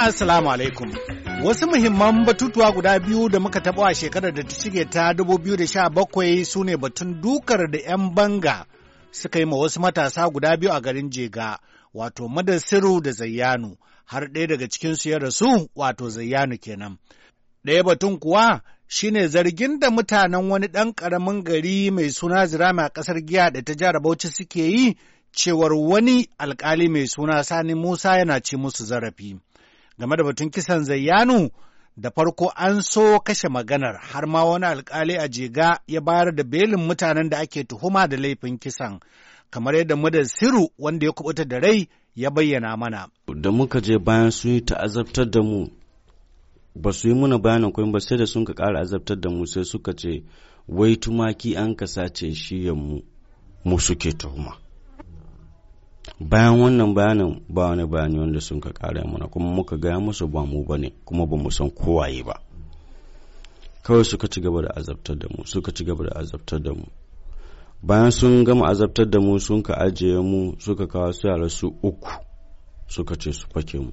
Jama'a Assalamu alaikum. Wasu muhimman batutuwa guda biyu da muka taɓa a shekarar da ta shige ta 2017 su ne batun dukar da 'yan banga suka yi ma wasu matasa guda biyu a garin Jega, wato Madasiru da Zayyanu, har ɗaya daga cikinsu ya rasu wato Zayyanu kenan. Ɗaya batun kuwa shine zargin da mutanen wani ɗan ƙaramin gari mai suna Zirama a ƙasar Giya da ta jihar Bauchi suke yi cewar wani alkali mai suna Sani Musa yana ci musu zarafi. game da batun kisan zayyanu da farko an so kashe maganar har ma wani alkali a jega ya bayar da belin mutanen da ake tuhuma da laifin kisan kamar yadda mudan siru wanda ya kubuta da rai ya bayyana mana da muka je bayan sun yi ta'azabtar da mu ba su yi muna bayan akwai ba sai da sun ka ƙara azabtar da mu sai suka ce wai tumaki an ka sace shi mu mu suke tuhuma bayan wannan bayanin ba wani bayani wanda sun ka kara mana kuma muka gaya musu ba mu bane kuma ba mu san kowaye ba kawai suka ci gaba da azabtar da mu suka ci gaba da azabtar da mu bayan sun gama azabtar da mu sun ka ajiye mu suka kawo su yara su uku suka ce su fake mu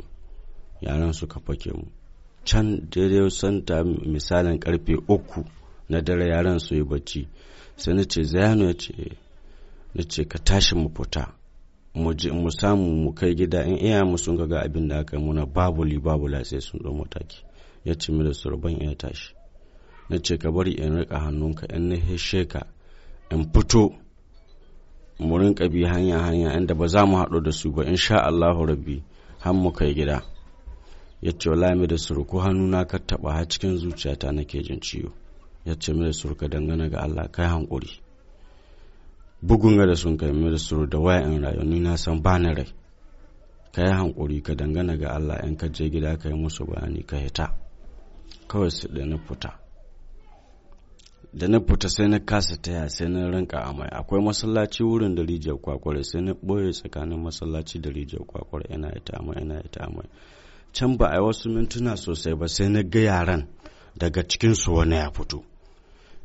yaran suka fake mu can daidai santa misalin karfe uku na dare yaran su yi bacci sai na ce ce ka tashi mu fita mu samu mu kai gida in iya mu sun ga abin da aka muna babu li babu sai sun ɗau mataki ya ce mi da surban ya tashi na ce ka bari in rika hannunka in na heshe ka in fito mu rinka bi hanya hanya inda ba za mu haɗu da su ba in sha Allahu rabbi har mu kai gida ya ce wala mi da surku hannuna ka taɓa har cikin zuciyata nake jin ciwo ya ce mi da surka dangane ga Allah kai hankuri bugun da sun kai mai su da wayan rayu ni na san ba na rai ka yi hankuri ka dangana ga Allah in ka je gida ka yi musu bayani ka hita kawai su da na fita da na fita sai na kasa taya sai na rinka amai akwai masallaci wurin da rijiyar kwakwar sai na boye tsakanin masallaci da rijiyar kwakwar ina ita amai ina ita amai can ba a yi wasu mintuna sosai ba sai na ga yaran daga cikinsu wani ya fito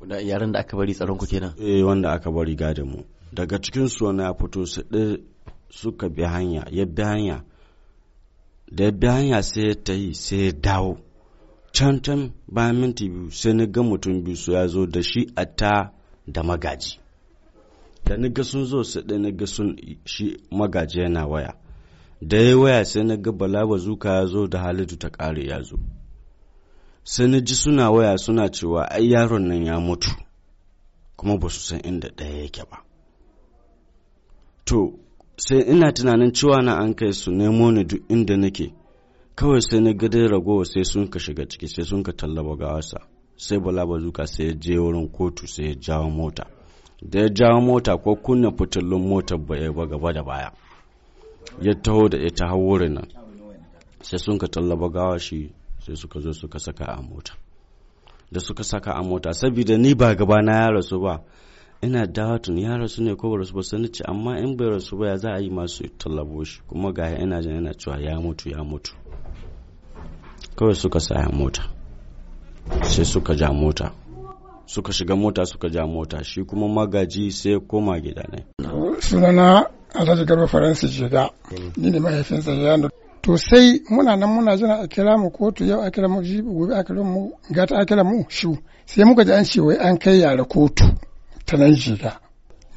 wanda yaran da aka bari tsaron ku kenan eh wanda aka bari gadin mu daga cikin su wani fito su suka bi hanya ya bi hanya da ya bi hanya sai ya tayi sai ya dawo can can bayan minti biyu sai na ga mutum biyu su ya zo da shi a ta da magaji da na ga sun zo su ɗi na ga sun shi magaji yana waya da ya waya sai na ga bala zuka ya zo da halittu ta ƙare ya zo sai na ji suna waya suna cewa ai yaron nan ya mutu kuma ba su san inda ɗaya yake ba to sai ina tunanin cewa na an kai su nemo ni duk inda nake kawai sai na ga dai ragowa sai sun ka shiga ciki sai sun ka tallaba gawarsa sai bala bazuka sai ya je wurin kotu sai ya jawo mota da ya jawo mota ko kunna fitilun motar ba ba gaba da baya ya taho da ita hau wurin nan sai sun ka tallaba gawa shi sai suka zo suka saka a mota da suka saka a mota saboda ni ba gaba na ya rasu ba ina dawa ya rasu ne ko ba rasu ba sani ce amma in bai rasu ba ya za a yi masu tallabo shi kuma ga ina jin yana cewa ya mutu ya mutu kawai suka saya mota sai suka ja mota suka shiga mota suka ja mota shi kuma magaji sai koma gida ne sunana alhaji garba faransi jega mahaifinsa ya to sai muna nan muna jira a kira mu kotu yau a kira mu jibi gobe a kira mu gata a kira mu shu sai muka ji an ce wai an kai yara kotu ta nan jiga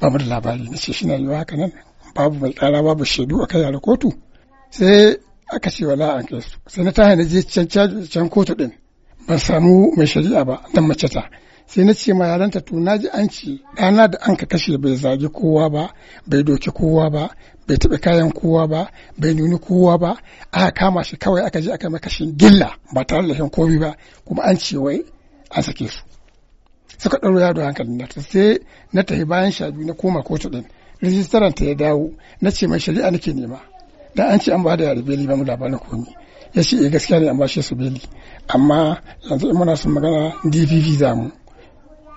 ba mu da labari na ce shine yi haka nan babu mai tsara babu shaidu a kai yara kotu sai aka ce wala an kai su sai na tahi na je can can kotu din ban samu mai shari'a ba dan mace ta sai na ce ma yaranta to na ji an ci ɗana da an ka kashe bai zagi kowa ba bai doki kowa ba bai taɓa kayan kowa ba bai nuni kowa ba aka kama shi kawai aka je aka makashin gilla ba tare da shan komi ba kuma an ce wai an sake su suka ɗauro yaro hankali na sai na tafi bayan sha biyu na koma kotu ɗin rijistaran ta ya dawo na ce mai shari'a nake nema da an ce an ba da yare beli ba mu labarin komi ya ce eh, gaskiya ne an ba shi su beli amma yanzu in muna son magana dpp za mu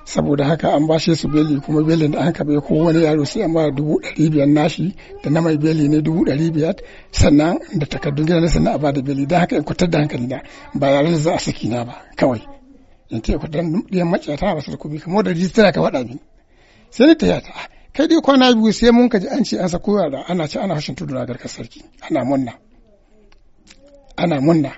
saboda haka an bashe su beli kuma belin da an kabe ko wani yaro sai an ba dubu ɗari biyar nashi da na mai beli ne dubu ɗari biyar sannan da takardun gida na sannan a ba da beli don haka in kwatar da hankali na ba yaren za a saki na ba kawai in ce kwatar da maciya ta ba su kuma kubi kamar da rijistara ka waɗa min sai ni ta ta kai dai kwana biyu sai mun kaji an ce an sako yara ana ce ana hashin tudu na garkar sarki ana munna ana munna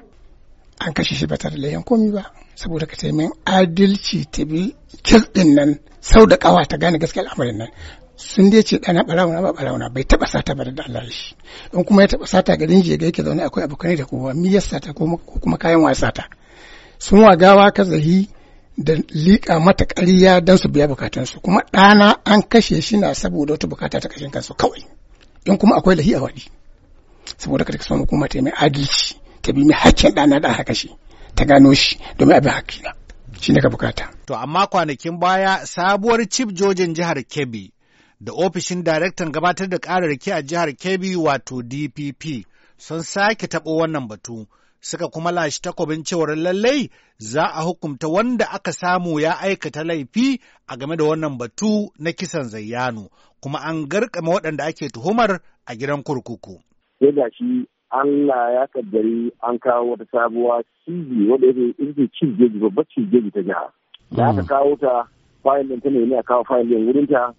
an kashe shi ba tare da yan komi ba saboda ka taimakon adalci ta bi kis din nan sau da kawa ta gane gaskiyar al'amarin nan sun dai ce ɗana ɓarawuna ba ɓarawuna bai taɓa sata ba da Allah shi in kuma ya taɓa sata garin jiya ga yake zaune akwai abokanai da kowa mi sata ko kuma kayan wasa ta sun wagawa ka zahi da liƙa mata ƙarya don su biya bukatunsu kuma ɗana an kashe shi na saboda wata bukata ta kashin kansu kawai in kuma akwai lahi a waɗi saboda ka ta kasuwa hukuma ta mai adalci ta bi mi hakkin ɗana da aka kashe ta gano shi domin abin hakkina shi ne ka bukata. To amma kwanakin baya sabuwar cif jojin jihar Kebbi da ofishin daraktan gabatar da ƙararraki a jihar Kebbi wato DPP sun sake taɓo wannan batu. suka kuma lashe takobin cewar lallai za a hukunta wanda aka samu ya aikata laifi a game da wannan batu na kisan zayyano kuma an garkama waɗanda ake tuhumar a gidan kurkuku. Allah ya kaddari an kawo wata sabuwa cibi wadda yake ita cibiyoyi babbar cibiyoyi ta jiha. Da aka mm. kawo ta fayil ɗin ta ne a kawo fayil ɗin wurin ta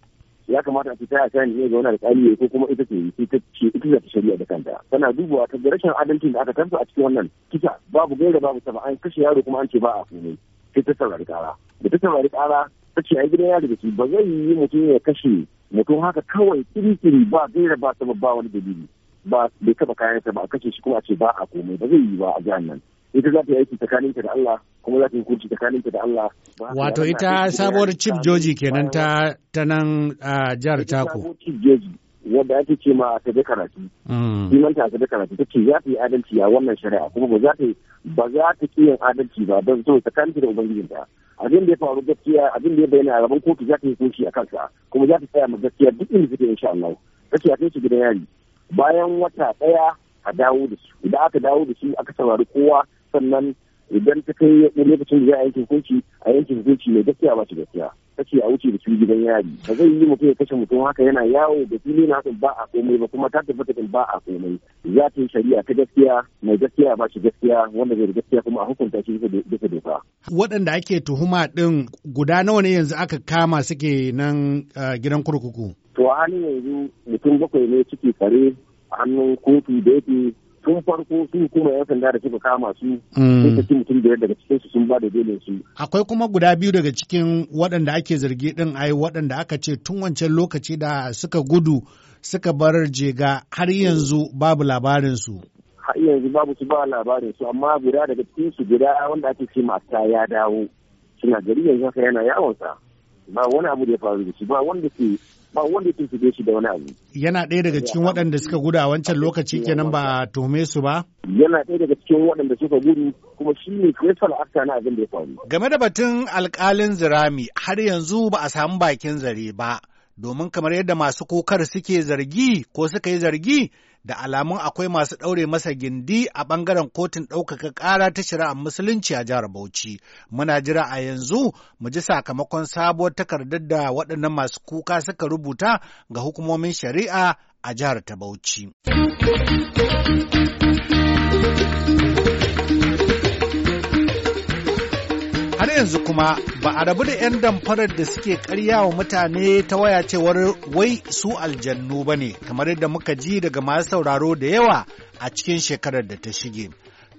ya kamata a fita a kan ne ga wani alƙali ko kuma ita ce ita ce ita ce shari'a da kanta. Tana dubawa ta rashin adalci da aka tanto a cikin wannan kisa babu gaira babu sama an kashe yaro kuma an ce ba a komai. Sai ta saurari kara. Da ta saurari kara ta ce a gidan yaro da ba zai yi mutum ya kashe mutum haka kawai kiri-kiri ba gaira ba sama ba wani dalili. ba bai taba kayan ta ba a kashe shi kuma a ce ba a komai ba zai yi ba a jihar nan ita za ta yi aiki tsakaninta da Allah kuma za ta yi hukunci tsakaninta da Allah wato ita sabuwar chief joji kenan ta ta nan a jihar Tako chief joji wanda ake ce ma mm. ta da karatu kiman ta da karatu take za ta yi adalci a wannan shari'a kuma ba za ta ba za ta ki yin adalci ba don so tsakaninta da ta abin da ya faru gaskiya abin da ya bayyana a gaban kotu za ta yi hukunci a kansa kuma za ta tsaya ma gaskiya duk inda suke insha Allah a kai shi gidan yari bayan wata daya a dawo da su idan aka dawo da su aka saurari kowa sannan idan ta kai lokacin da za a yankin hukunci a yankin hukunci mai gaskiya ba shi gaskiya ce a wuce da su gidan yari ba zai yi mutum ya kashe mutum haka yana yawo da fili na ba a komai ba kuma ta tabbata ba a komai za ta yi shari'a ta gaskiya mai gaskiya ba shi gaskiya wanda zai gaskiya kuma a hukunta shi bisa doka. waɗanda ake tuhuma ɗin guda nawa ne yanzu aka kama suke nan ah, gidan kurkuku. to halin yanzu mutum bakwai ne ciki tsare a hannun kotu da yake tun farko su kuma yan sanda da suka kama su mm. sai ta mutum biyar daga cikin sun ba da belin su akwai kuma guda biyu daga cikin waɗanda ake zargi din ai waɗanda aka ce tun wancan lokaci da suka gudu suka bar jega har yanzu babu labarin su har yanzu babu su ba labarin su amma guda daga cikin su guda wanda ake ce mata ya dawo suna gari yanzu haka yana yawon sa ba wani abu da ya faru da shi ba wanda ke ba wanda ya tuntube shi da wani abu. Yana ɗaya daga cikin waɗanda suka gudu a wancan lokaci kenan ba a tuhume su ba? Yana ɗaya daga cikin waɗanda suka gudu kuma shi ne kristal akta na abin da ya faru. Game da batun alƙalin zirami har yanzu ba a samu bakin zare ba. Domin kamar yadda masu kokar suke zargi ko suka yi zargi da alamun akwai masu ɗaure masa gindi a ɓangaren kotun ɗaukaka ƙara ta shari'ar musulunci a jihar Bauchi. Muna jira a yanzu mu ji sakamakon sabuwar takardar da waɗannan masu kuka suka rubuta ga hukumomin shari'a a jihar ta Bauchi. har yanzu kuma ba a rabu da 'yan damfarar da suke karya wa mutane ta waya cewar wai su aljannu ba ne kamar yadda muka ji daga masu sauraro da yawa a cikin shekarar da ta shige.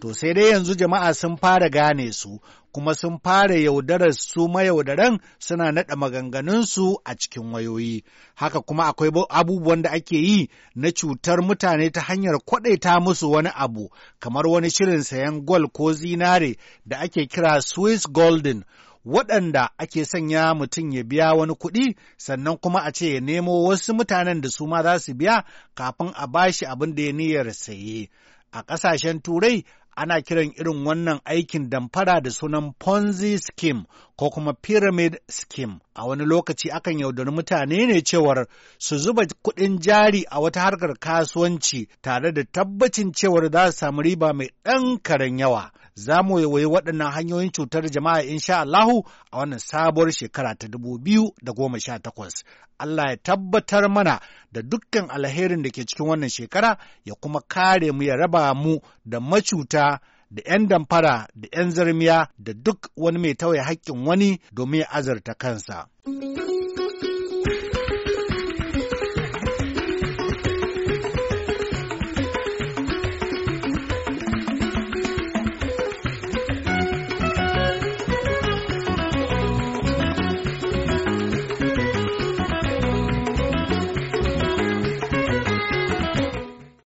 To sai dai yanzu jama'a sun fara gane su, kuma sun fara yaudarar su mayaudaran suna naɗa maganganunsu a cikin wayoyi. Haka kuma akwai abubuwan da ake yi na cutar mutane ta hanyar kwaɗaita musu wani abu, kamar wani shirin sayan gol ko zinare da ake kira Swiss Golden. waɗanda ake sanya mutum ya biya wani kuɗi sannan kuma a ce ya nemo wasu mutanen da su ma za su biya kafin a bashi abin da ya niyyar saye. A ƙasashen Turai ana kiran irin wannan aikin damfara da sunan Ponzi scheme ko kuma pyramid scheme. A wani lokaci akan yaudari mutane ne cewar su zuba kuɗin jari a wata harkar kasuwanci tare da tabbacin cewar za su samu riba mai ɗan karen yawa. za mu yi waɗannan hanyoyin cutar jama'a insha Allahu a wannan sabuwar shekara ta dubu biyu da goma sha takwas. Allah ya tabbatar mana da dukkan alherin da ke cikin wannan shekara ya kuma kare mu ya raba mu da macuta da 'yan damfara da 'yan zarmiya da duk wani mai tawaye haƙƙin wani domin azarta kansa.